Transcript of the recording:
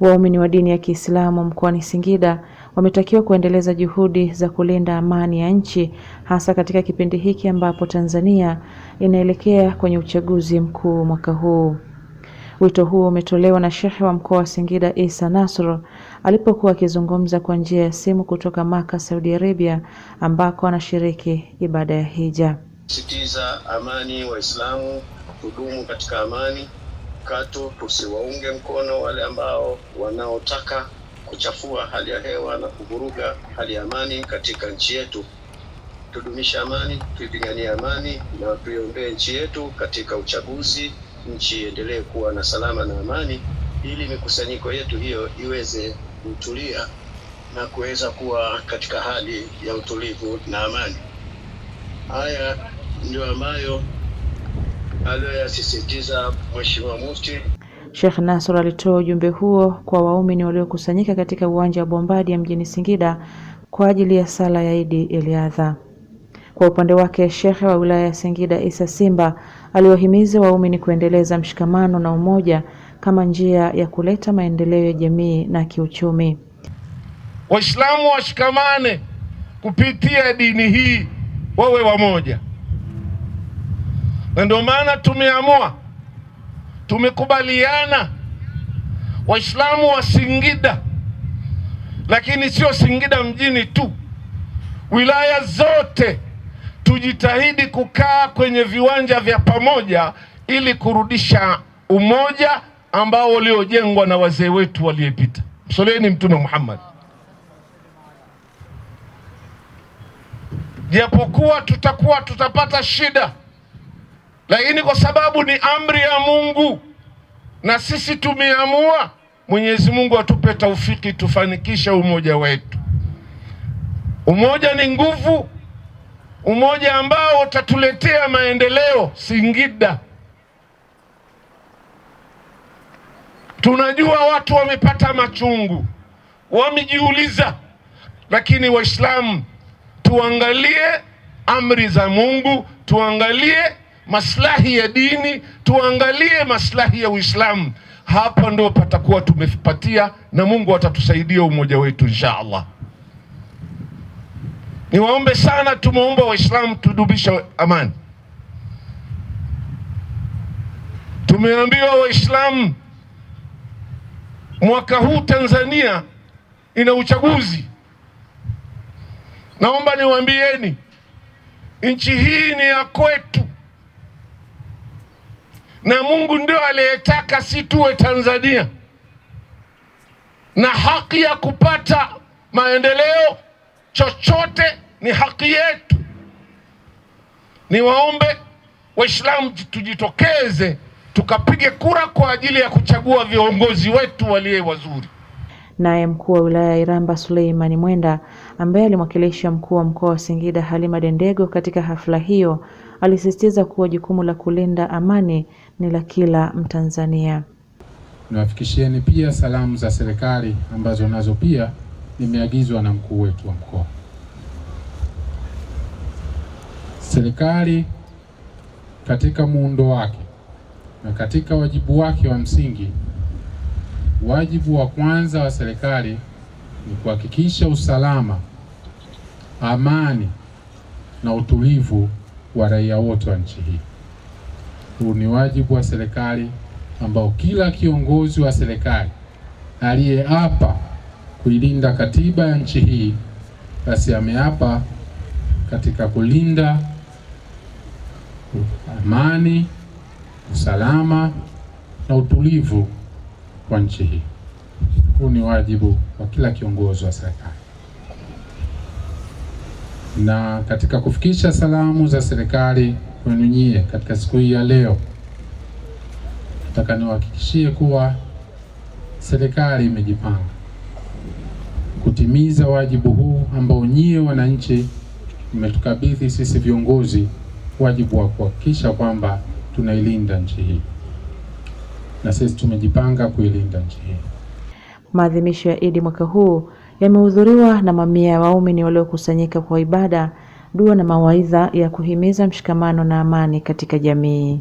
Waumini wa dini ya Kiislamu mkoani Singida wametakiwa kuendeleza juhudi za kulinda amani ya nchi hasa katika kipindi hiki ambapo Tanzania inaelekea kwenye uchaguzi mkuu mwaka huu. Wito huo umetolewa na Shehe wa mkoa wa Singida Isa Nasr alipokuwa akizungumza kwa njia ya simu kutoka Maka, Saudi Arabia ambako anashiriki ibada ya hija. Sitiza amani Waislamu kudumu katika amani mkato, tusiwaunge mkono wale ambao wanaotaka kuchafua hali ya hewa na kuvuruga hali ya amani katika nchi yetu. Tudumishe amani, tuipiganie amani na tuiombee nchi yetu katika uchaguzi. Nchi iendelee kuwa na salama na amani, ili mikusanyiko yetu hiyo iweze kutulia na kuweza kuwa katika hali ya utulivu na amani. Haya ndio ambayo aliyoyasisitiza Mheshimiwa Mufti Sheikh Nasor alitoa ujumbe huo kwa waumini waliokusanyika katika uwanja wa Bombadia mjini Singida kwa ajili ya sala ya Idi Eliadha. Kwa upande wake, Shekhe wa wilaya ya Singida Isa Simba aliwahimiza waumini kuendeleza mshikamano na umoja kama njia ya kuleta maendeleo ya jamii na kiuchumi. Waislamu washikamane kupitia dini hii, wawe wamoja na ndio maana tumeamua, tumekubaliana Waislamu wa Singida, lakini sio Singida mjini tu, wilaya zote tujitahidi kukaa kwenye viwanja vya pamoja ili kurudisha umoja ambao uliojengwa na wazee wetu waliyepita. Msoleni Mtume Muhammad. Japokuwa tutakuwa tutapata shida lakini kwa sababu ni amri ya Mungu na sisi tumeamua, Mwenyezi Mungu atupe taufiki tufanikishe umoja wetu. Umoja ni nguvu, umoja ambao utatuletea maendeleo Singida. Tunajua watu wamepata machungu, wamejiuliza, lakini Waislamu tuangalie amri za Mungu, tuangalie maslahi ya dini, tuangalie maslahi ya Uislamu. Hapa ndo patakuwa tumepatia, na Mungu atatusaidia umoja wetu insha Allah. Niwaombe sana, tumeomba Waislamu tudubisha amani. Tumeambiwa Waislamu mwaka huu Tanzania ina uchaguzi. Naomba niwaambieni, nchi hii ni ya kwetu na Mungu ndio aliyetaka si tuwe Tanzania na haki ya kupata maendeleo chochote ni haki yetu. Niwaombe Waislamu tujitokeze tukapige kura kwa ajili ya kuchagua viongozi wetu waliye wazuri. Naye mkuu wa wilaya ya Iramba Suleimani Mwenda ambaye alimwakilisha Mkuu wa Mkoa wa Singida Halima Dendego katika hafla hiyo alisisitiza kuwa jukumu la kulinda amani ni la kila Mtanzania. Niwafikishieni pia salamu za serikali ambazo nazo pia nimeagizwa na mkuu wetu wa mkoa. Serikali katika muundo wake na katika wajibu wake wa msingi, wajibu wa kwanza wa serikali ni kuhakikisha usalama, amani na utulivu wa raia wote wa nchi hii. Huu ni wajibu wa serikali ambao kila kiongozi wa serikali aliyeapa kuilinda katiba ya nchi hii basi ameapa katika kulinda amani, usalama na utulivu wa nchi hii. Huu ni wajibu wa kila kiongozi wa serikali, na katika kufikisha salamu za serikali kwenu nyie katika siku hii ya leo, nataka niwahakikishie kuwa serikali imejipanga kutimiza wajibu huu ambao nyie wananchi mmetukabidhi sisi viongozi, wajibu wa kuhakikisha kwamba tunailinda nchi hii, na sisi tumejipanga kuilinda nchi hii. Maadhimisho ya Idi mwaka huu yamehudhuriwa na mamia ya waumini waliokusanyika kwa ibada, dua na mawaidha ya kuhimiza mshikamano na amani katika jamii.